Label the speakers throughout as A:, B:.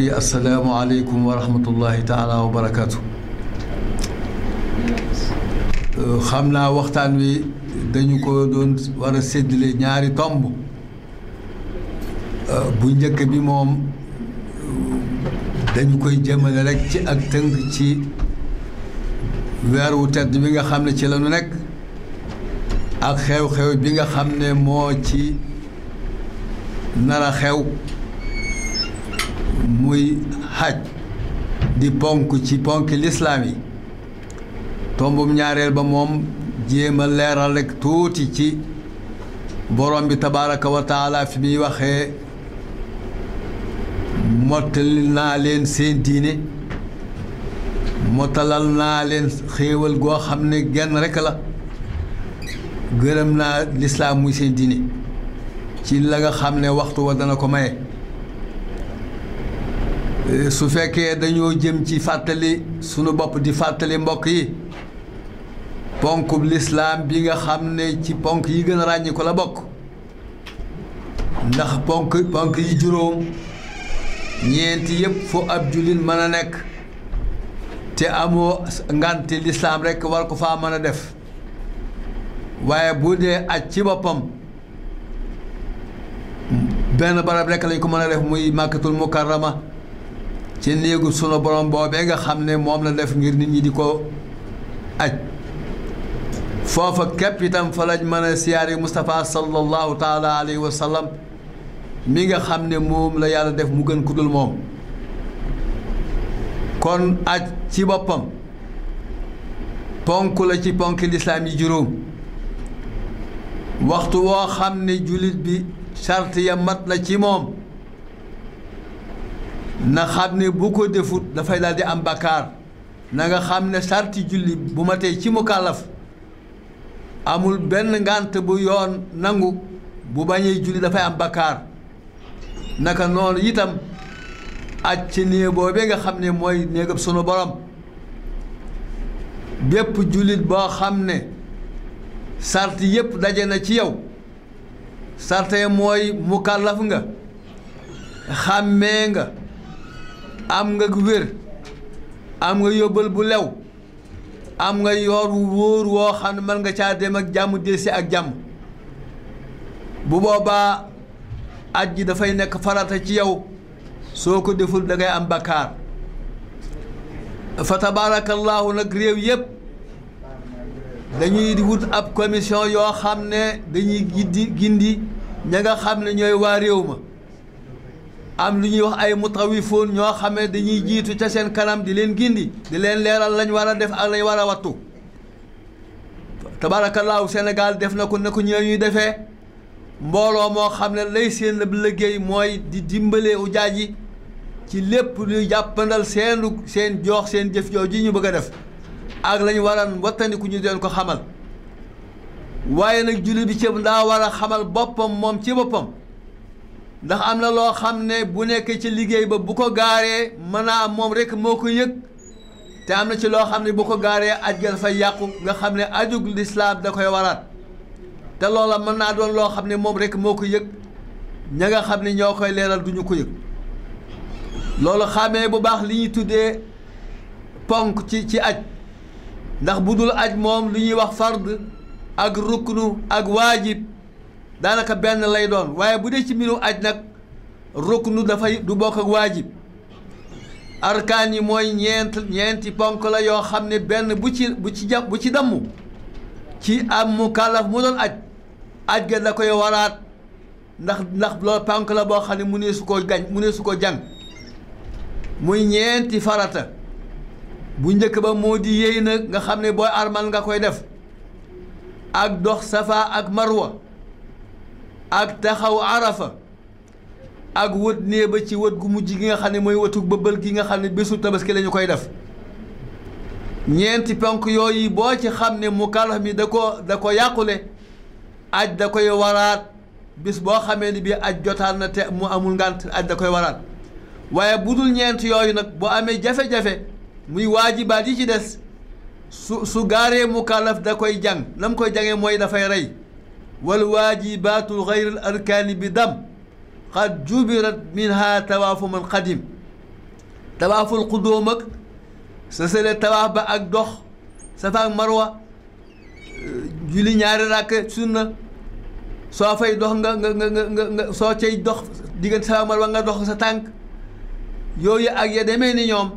A: mbokk yi asalaamaaleykum wa taala wa barakaatu. Euh, xam naa waxtaan wi dañu ko doon war a séddale ñaari tomb euh, bu njëkk bi moom dañu koy jëmale rekk ci ak tënk ci weer wu tedd bi nga xam ne ci la ñu nekk ak xew-xew bi nga xam ne moo ci nara xew muy xaj di ponk ci ponk lislaam yi tombum ñaareel ba moom jéem a leeral rek tuuti ci borom bi tabaraka wa taala fi muy waxee mottali naa leen seen diine mottalal naa leen xéewal goo xam ne genn rekk la gërëm naa lislaam muy seen diine ci la nga xam ne waxtu wa dana ko maye Eh, su fekkee dañoo jëm ci fàttali sunu bopp di fàttali mbokk yi ponkub lislaam bi nga xam ne ci ponk yi gën a ràññi la bokk ndax ponk ponk yi juróom ñeenti yépp fu ab jullit mën a nekk te amoo ngànti lislaam rekk war ko faa mën a def waaye bu dee aj ci boppam benn barab rekk lañ ko mën a def muy màkkatul mukarrama ci néegu sunu borom boobee nga xam ne moom la def ngir nit ñi di ko aj foofa képp itam fa lañ mën a siyaare Moustapha sallallahu taala alayhi wa mi nga xam ne moom la yàlla def mu gën ku dul moom kon aj ci boppam ponk la ci ponk lislaam yi juróom waxtu woo xam ne jullit bi sart ya mat la ci moom na xam ne bu ko defut dafay daal di am bakkaar na nga xam ne sarti julli bu ma tey ci mu amul benn ngànt bu yoon nangu bu bañee julli dafay am bakkaar naka noonu itam aj ci néeg boobee nga xam ne mooy néegam sunu borom bépp jullit boo xam ne sart yépp daje na ci yow sarte mooy mukallaf nga xàmmee nga am nga wér am nga yóbbal bu lew am nga yoor wóor woo xam ne mën nga caa dem ak jàmm delsi ak jàmm bu boobaa aj ji dafay nekk farata ci yow soo ko deful dangay am bakkaar fa tabaarakallaahu nag réew yëpp dañuy wut ab commission yoo xam ne dañuy gindi gindi ña nga xam ne ñooy waa réew ma am lu ñuy wax ay mutawifoon ñoo xam ne dañuy jiitu ca seen kanam di leen gindi di leen leeral lañu war a def ak lañ war a wattu tabaarakallaahu Sénégal def na ko nekku ko ñuy defee mbooloo moo xam ne lay seen liggéey mooy di dimbale ujaaj yi ci lépp luy jàppandal seenu seen joox seen jëf jooju ji ñu bëgg a def ak lañ war a wattandiku ñu doon ko xamal waaye nag jullit bi ceeb daa wara xamal boppam moom ci boppam ndax am na loo xam ne bu nekk ci liggéey ba bu ko gaaree mën naa am moom rek moo ko yëg te am na ci loo xam ne bu ko gaaree aj ga dafa yàqu nga xam ne ajug lislaam da koy waraat te loola mën naa doon loo xam ne moom rek moo ko yëg ña nga xam ne ñoo koy leeral duñu ko yëg loolu xàmmee bu baax li ñuy tuddee ponk ci ci aj ndax bu dul aj moom li ñuy wax fard ak ruknu ak waajib daanaka benn lay doon waaye bu dee ci mbirum aj nag ruknu dafay du bokk ak waajib arkaan yi mooy ñeent ñeenti ponk la yoo xam ne benn bu ci bu ci jàpp ci am mu kàllaf mu doon aj aj ga da koy waraat ndax ndax loolu ponk la boo xam ne mu ne su ko gañ mu ne su ko jàng muy ñeenti farata bu njëkk ba moo di yéy na nga xam ne booy armal nga koy def ak dox safa ak marwa ak taxaw arafa ak wët nee ba ci wët gu mujj gi nga xam ne mooy wëtu bëbbal gi nga xam ne bésu tabaski la ñu koy def ñeenti ponk yooyu boo ci xam ne mu kalax mi da ko da ko yàqule aj da koy waraat bés boo xamee ne bii aj jotaan na te mu amul ngànt aj da koy waraat waaye bu dul ñeent yooyu nag bu amee jafe-jafe muy waajibaat yi ci des su su gaaree mu kalaf da koy jàng lam koy jange mooy dafay rey walwajibaatu gayr al arkaani bi dam qad jubirat minha tawaafu man qadim tawaaful qudóom sa sële tawaaf ba ak dox safa ak marwa julli ñaari ràkk sunna soo fay dox nga nga nga nga soo cay dox diggante safa ak marwa nga dox sa tànk yooyu ak ya demee ni ñoom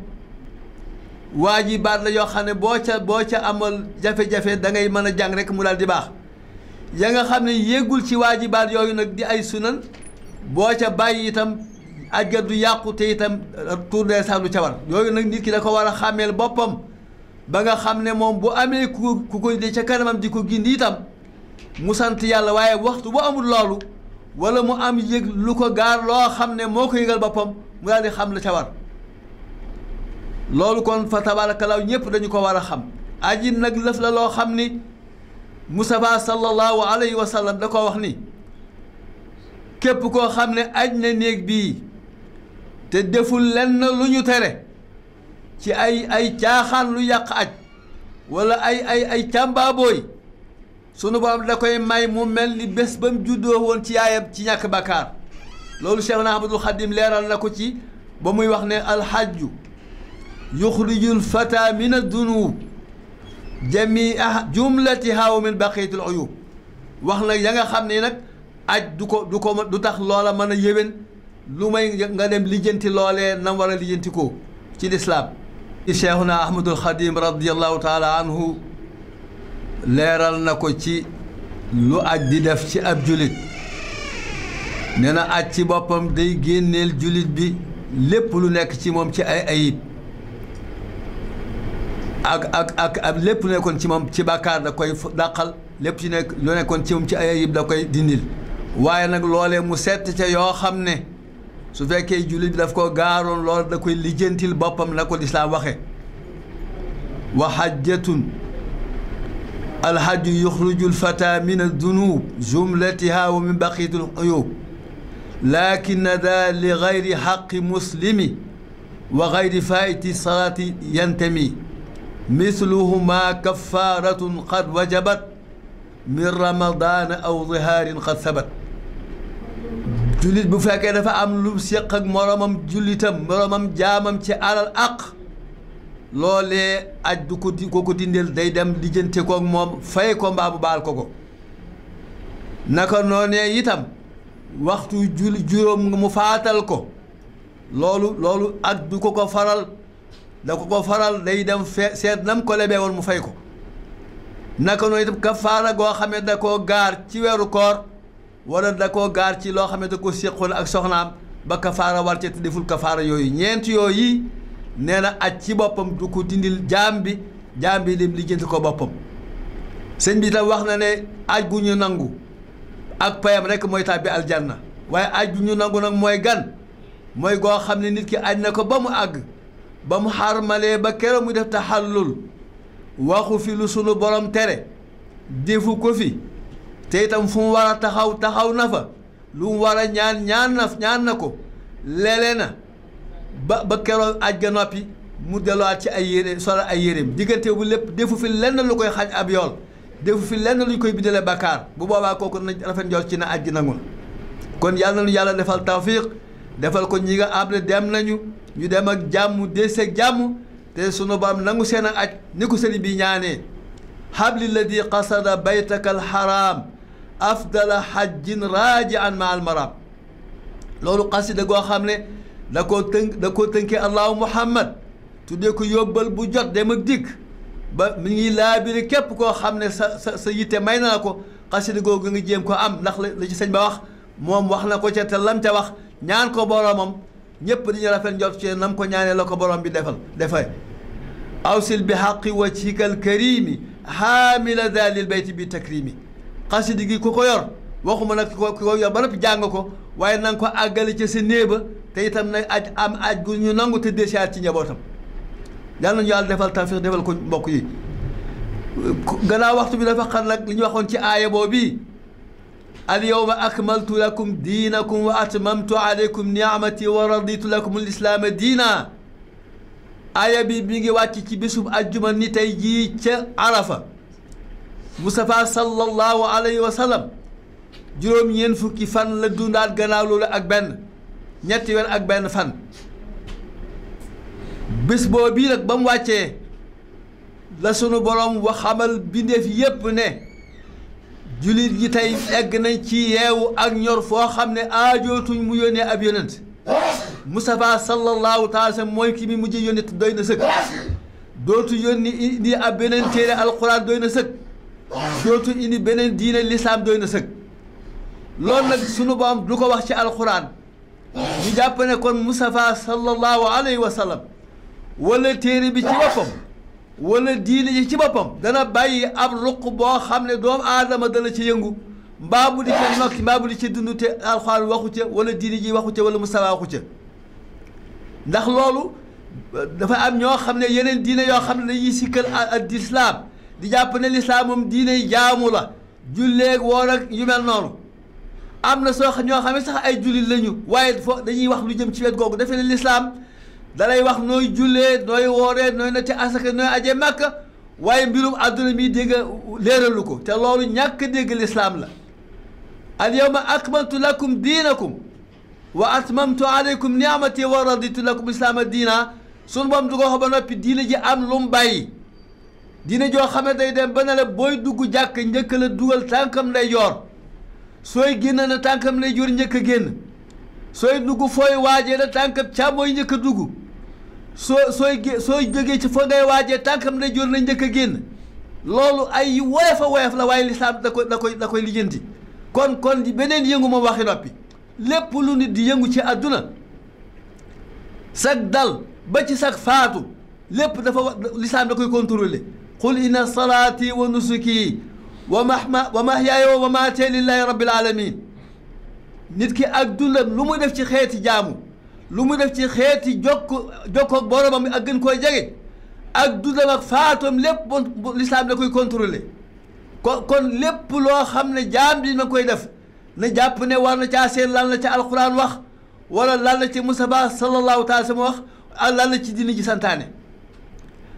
A: waajibaat la yoo xam ne boo ca boo ca amal jafe-jafe da ngay mën a jàng rek mu daal di baax ya nga xam ne yéegul ci waajibaat yooyu nag di ay sunan boo ca bàyyi itam aj ga du yàqu te itam euh, tour de sax du ca war yooyu nag nit ki da ko war a xàmmeel boppam ba nga xam ne moom bu amee ku ku ko di ca kanamam di ko gindi itam mu sant yàlla waaye waxtu bu amul loolu wala mu am yëg lu ko gaar loo xam ne moo ko yégal boppam mu daal di xam la ca war loolu kon fa tabaarakalaaw ñëpp dañu ko war a xam aji nag lëf la loo xam ni Mustafa sallallahu alayhi wa da ko wax ni képp koo xam ne aj na néeg bii te deful lenn lu ñu tere ci ay ay caaxaan lu yàq aj wala ay ay ay càmbaabooy sunu borom da koy may mu mel ni bés ba mu juddoo woon ci yaayam ci ñàkk bakkaar loolu Cheikh na Ahmadul leeral na ko ci ba muy wax ne alxajju yuxrijul fata min ad-dunub jamii ah jumlati haawamil baqiyatul uyub wax nag ya nga xam ni nag aj du ko du ko du tax loola mën a yéwén lu may nga dem lijjanti loolee nam war a lijjanti ko ci lislaam ci na ahmadul xadim radiallahu taala anhu leeral na ko ci lu aj di def ci ab julit nee na aj ci boppam day génneel julit bi lépp lu nekk ci moom ci ay ayit ak ak ak ak lépp lu nekkoon ci moom ci bàkkaar da koy dàqal lépp ci nekk lu nekkoon ci moom ci ay ayib da koy dindil waaye nag loolee mu sett ca yoo xam ne su fekkee jullit bi daf ko gaaroon lool da koy lijjantil boppam na ko lislaam waxe wa xajjatun alxaju yuxrujul fata min adunub jumlatiha wa min baqiyatil uyub lakin da li gayri xaqi muslimi wa gayri faiti salaati yantami misluhuma kafaratun xad wajabat min ramadana aw zihaarin xad sabat jullit bu fekkee dafa am lu séq ak moromam jullitam moromam jaamam ci alal aq loolee aj du ko di ko dindeel day dem lijjante kook moom fay ko mbaa baal ko ko naka noone itam waxtu jul juróom mu faatal ko loolu loolu aj du ko ko faral da ko ko faral day dem fee seet nam ko lebee woon mu fay ko naka noonu itam kafaara goo xam ne da koo gaar ci weeru koor wala da koo gaar ci loo xam da ko séqoon ak soxnaam ba kafaara war ca te deful kafaara yooyu ñeent yooyu nee na aj ci boppam du ko dindil jaam bi jaam bi lim lijjanti ko boppam sëñ bi wax na ne aj gu ñu nangu ak payam rek mooy tàbbi aljanna waaye aj gu ñu nangu nag mooy gan mooy goo xam ne nit ki aj na ko ba mu àgg ba mu xarmalee ba keroog mu def taxallul waxu fi lu sunu borom tere defu ko fi te itam fu mu war taxaw taxaw na fa lu mu war ñaan ñaan na ñaan na ko leele na ba ba keroog aj ga noppi mu delluwaat ci ay yére solal ay yéreem diggante bu lépp defu fi lenn lu koy xaj ab yool defu fi lenn luñ koy bindalee bakkaar bu boobaa kooku na rafet njool ci na aj gi nangul kon yàlla na nu yàlla defal tawfiq defal ko ñii nga ab ne dem nañu ñu dem ak jàmm deeseeg jàmm te sunu baam nangu seen ak aj ni ko sëriñ bi ñaanee habli ladi qasada baytaka alxaram afdala hajjin raaji an ma almaram loolu xasida goo xam ne da ko tënk da koo tënkee allahu muhammad tuddee ko yóbbal bu jot dem ak dikk ba mu ngi laabiri képp koo xam ne sa sa sa yitte may na ko xasida googu nga jéem ko am ndax la ci sëñ ba wax moom wax na ko ca te ca wax ñaan ko boroomam ñëpp di ñu rafet njort ci nam ko ñaanee la ko borom bi defal dafay awsil bi xaqi wajhikal karimi xaamila dalil bayti bi takrimi xasidi gi ku ko yor waxuma nag ko ko yor ba noppi jàng ko waaye na ko àggale ca sa néeba te itam nag am aj gu ñu nangu te déchaat ci njabootam yàlla nañu yàlla defal tawfiq defal ko mbokk yi gannaaw waxtu bi dafa xar nag li ñu waxoon ci aaya boobu alyawma akmaltu lakum diinakum wa atmamtu alaykum niamati wa raditu lakum lislaama diina aaya bi ngi wàcc ci bésub ajjuma ni tey jii ca arafa Mustafa sallallahu alayhi wa juróom-ñeent fukki fan la dundaat gannaaw ak benn ñetti weer ak benn fan bés boo bii nag ba mu wàccee la sunu boroom waxamal bindeef yépp ne jullit yi tey egg nañ ci yeewu ak ñor foo xam ne aajootuñ mu yónnee ab yonent Mustafa sallallahu taala sallam mooy ki mi mujj yónni doy na sëkk dootu yónni indi ab beneen téere alquran doy na sëkk dootu indi beneen diine lislaam doy na sëkk loolu nag sunu boom du ko wax ci alxuraan ñu jàpp kon Mustafa sallallahu alayhi wa sallam téere bi ci boppam wala diine ji ci boppam dana bàyyi ab ruq boo xam ne doomu aadama dana ci yëngu mbaa bu di ca nokki mbaa bu di ca dund te alxuraan waxu ca wala diine ji waxu ca wala musalaa waxu ca ndax loolu dafa am ñoo xam ne yeneen diine yoo xam ne dañuy sikkal ak islaam di jàpp ne lislaam moom diine jaamu la julleeg woor ak yu mel noonu am na soo ñoo xam ne sax ay jullit lañu waaye fo dañuy wax lu jëm ci wet googu defee ne lislaam dalay wax nooy jullee nooy wooree nooy natti asaka nooy aje màkka waaye mbirum àdduna mi dégg léeralu ko te loolu ñàkk dégg lislaam la al yawma akmaltu lakum diinakum wa atmamtu alaykum niamati wa raditu lakum islaama diina sunu boom du ko wax ba noppi diina ji am lu mu bàyyi diina joo xam ne day dem ba ne la booy dugg jàkk njëkk la dugal tànkam lay yoor sooy génn na tànkam lay jor njëkk a génn sooy dugg fooy waajee na tànkam càmmooy njëkk a dugg soo sooy gé soo jógee ci fa ngay waajee tànkam ne jor na njëkk a génn loolu ay woyof a la waaye lislaam da koy da koy da koy lijjanti kon kon beneen yëngu ma waxi noppi lépp lu nit di yëngu ci àdduna sag dal ba ci sag faatu lépp dafa lislaam da koy contrôler qul inna salaati wa nusuki wa mahma wa mahyaaya wa mamaatee lillaahi rabbil nit ki ak dundam lu mu def ci xeeti jaamu lu mu def ci xeeti jokk jokkoog boromam ak gën koy jege ak du ak faatoom lépp bon lislaam da koy contrôler kon kon lépp loo xam ne jaam bi ma koy def na jàpp ne war na caa seen lan la ci alquran wax wala lan la ci Mustafa sallallahu taala sama wax ak lan ci dina ji santaane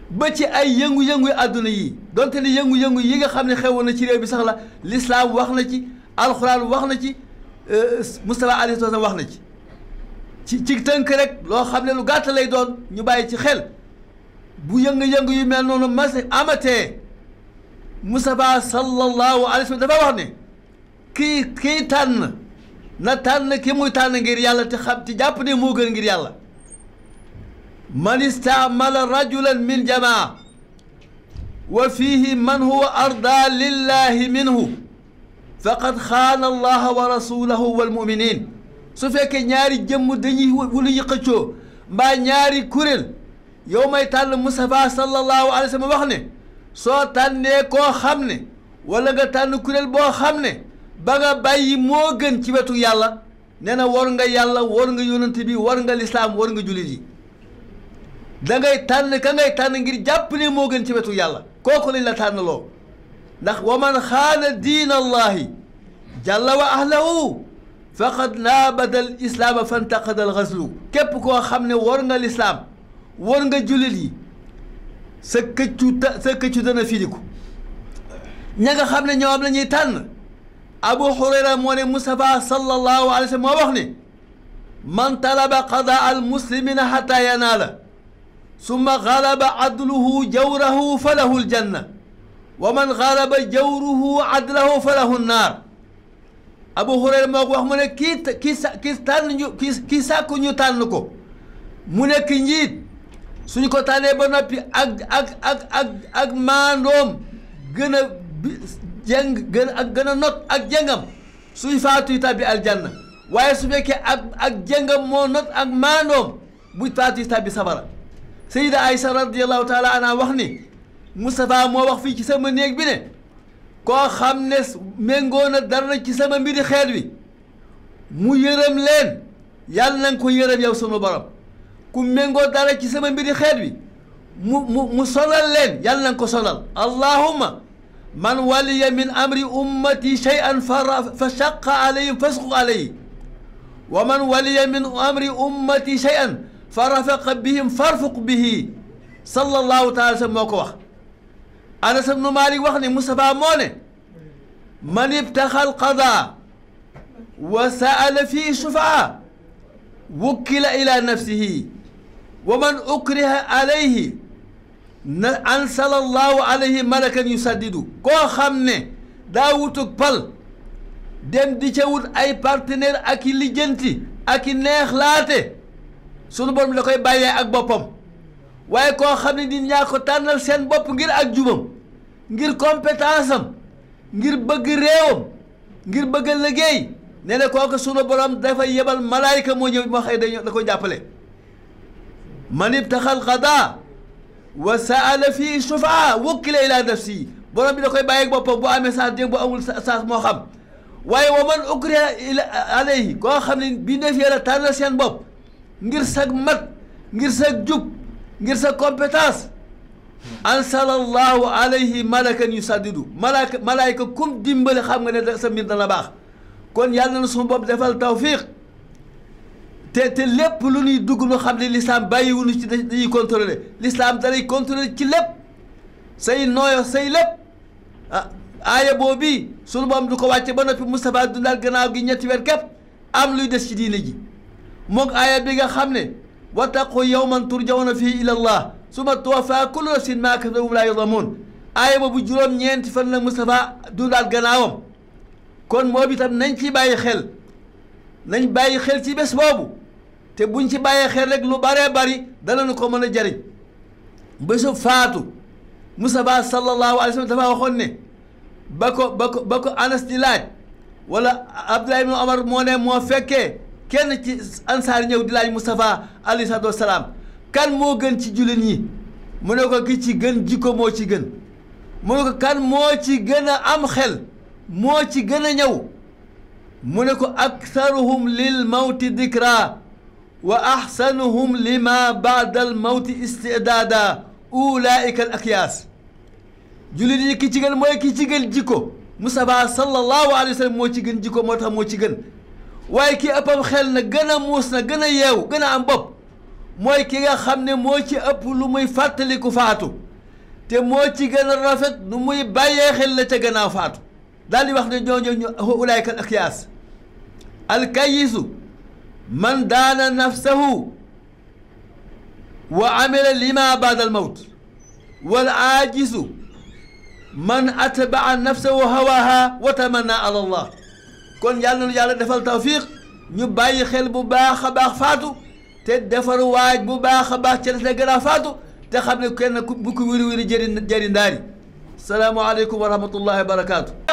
A: ba ci ay yëngu-yëngu àdduna yi donte ne yëngu-yëngu yi nga xam ne xewoon na ci réew bi sax la lislaam wax na ci alquran wax na ci euh, Mustafa alayhi salaam wax na ci ci ci tënk rek loo xam ne lu gàtt lay doon ñu bàyyi ci xel bu yëngu-yëngu yu mel noonu mas amatee Mustafa sallallahu alayhi wa sallam dafa wax ne kii kii na tànn ki muy tànn ngir yàlla te xam te jàpp ne moo gën ngir yàlla man istaamala rajulan min jamaa wa fiihi man huwa arda lillahi minhu faqad xaana allaha wa rasulahu wal muminin su fekkee ñaari jëmm dañuy wulu yi xëccoo mbaa ñaari kuréel yow may tànn Mustafa sallallahu alayhi wa wax ne soo tànnee koo xam ne wala nga tànn kuréel boo xam ne ba nga bàyyi moo gën ci wetu yàlla nee na war nga yàlla war nga yonent bi war nga lislaam war nga jullit yi dangay ngay tànn ka ngay tànn ngir jàpp ne moo gën ci wetu yàlla kooku lañ la tànn loo ndax wa man xaana diina allahi jalla wa ahlahu faqad laabadal islaama fantaqadal xaslu képp koo xam ne war nga lislaam war nga jullit yi sa këccu ta sa këccu dana firiku xam ne ñoom la ñuy tànn abu hurayra moo ne Mustafa sallallahu alayhi wa wax ne man talaba qadaa al hatta yanaala summa galaba adluhu jawrahu falahu aljanna wa man galaba jawruhu adlahu falahu nnaar Abu Hurayra moo wax mu ne kii kii kii tànn ñu kii kii sàkku ñu tànn ko mu nekk njiit suñ ko tànnee ba noppi ak ak ak ak ak maandoom gën a jëng gën ak gën a not ak jëngam suñ faatuy tàbbi aljanna waaye su fekkee ak ak jëngam moo not ak maandoom bu faatuy tàbbi safara sayida Aysa radiyallahu taala anha wax ni Moustapha moo wax fii ci sama néeg bi ne koo xam ne méngoo na dara ci sama mbiri xeet wi mu yërëm leen yàlla na nga ko yërëm yow sunu borom ku méngoo dara ci sama mbiri xeet wi mu mu mu leen yàlla na ko solal allahumma man waliya min amri ummati shay'an fa fa shaqqa alayhim fasquq alayhi wa man waliya min amri ummati shay'an fa rafaqa bihim farfuq bihi sallallahu taala moo ko wax Anas ibnu Malik wax ni Mustafa moo ne man ibtaxa alqada wa saala fii shufaa wukkila ila nafsihi wa man ukriha alayhi na ansala allahu alayhi malakan yusaddidu koo xam ne daa pal dem di ay partenaire ak i lijjanti ak i neex laate sunu borom da koy ak boppam waaye koo xam ne nit ñaa ko tànnal seen bopp ngir ak jubam ngir compétence am ngir bëgg réewam ngir bëgg liggéey nee na kooku sunu borom dafa yebal malaayika moo ñëw moo xëy dañu da ko jàppale man ibtaxal xada wa saala fii sufaa wukkila ila nafsi borom bi da koy bàyyi boppam bu amee saas dégg bu amul saas moo xam waaye wa man ukriha ila alayhi koo xam ne bi neef yàlla tànnal seen bopp ngir sa mat ngir sa jub ngir sa compétence ansalallahu alayhi malakan yu saddidu malaaka malaayka kum dimbali xam nga ne sa mbir dana baax kon yàlla na suñu bopp defal tawfiq te te lépp lu ñuy dugg nu xam ne lislaam bàyyiwuñu ci dañuy contrôler lislaam danay contrôler ci lépp say nooyo say lépp ah aaya boobu suñu boom du ko wàcce ba noppi Moustapha dundal gannaaw gi ñetti weer képp am luy des ci diine ji moog aaya bi nga xam ne wattaqu yawman turjawna fii ila allah suma tuwafaa kullu nafsin maa kasabat laa yuzlamuun aaya boobu juróom-ñeenti fan la Moustapha dundaal gannaawam kon moom itam nañ ci bàyyi xel nañ bàyyi xel ci bés boobu te buñ ci bàyyi xel rek lu baree bari dana nu ko mën a jariñ bésu faatu Moustapha sallallahu alayhi wa sallam dafa waxoon ne ba ko ba ko ba Anas di laaj wala Abdullah moo ne moo fekkee kenn ci ansaar ñëw di laaj Moustapha alayhi salaatu wa kan moo gën ci jullit ñi mu ko ki ci gën jikko moo ci gën mu ko kan moo ci gën a am xel moo ci gën a ñëw mu ne ko aktharuhum lil mawti dikra wa axsanuhum lima baada al mawti istidaada ulaika al akyaas jullit ki ci gën mooy ki ci gën jikko Mustafa sallallahu alayhi wa sallam moo ci gën jikko moo tax moo ci gën waaye ki ëppam xel na gën a muus na gën a yeew gën a am bopp mooy ki nga xam ne moo ci ëpp lu muy fàttaliku faatu te moo ci gën a rafet nu muy bàyyee xel la ca gannaaw faatu daal di wax ne ñooñu ñu ulaayka al akyaas alkayisu man daana nafsahu wa amila lima baada al mawt wal aajisu man atbaa nafsahu hawaha wa tamanna ala allah kon yàlla na yàlla defal tawfiq ñu bàyyi xel bu baax a baax faatu te defar waaj bu baax a baax ca des la gën a faatu te xam ne kenn bu ko wiri wiri jëri jëri ndaari salaamaaleykum wa rahmatullahi wa barakaatu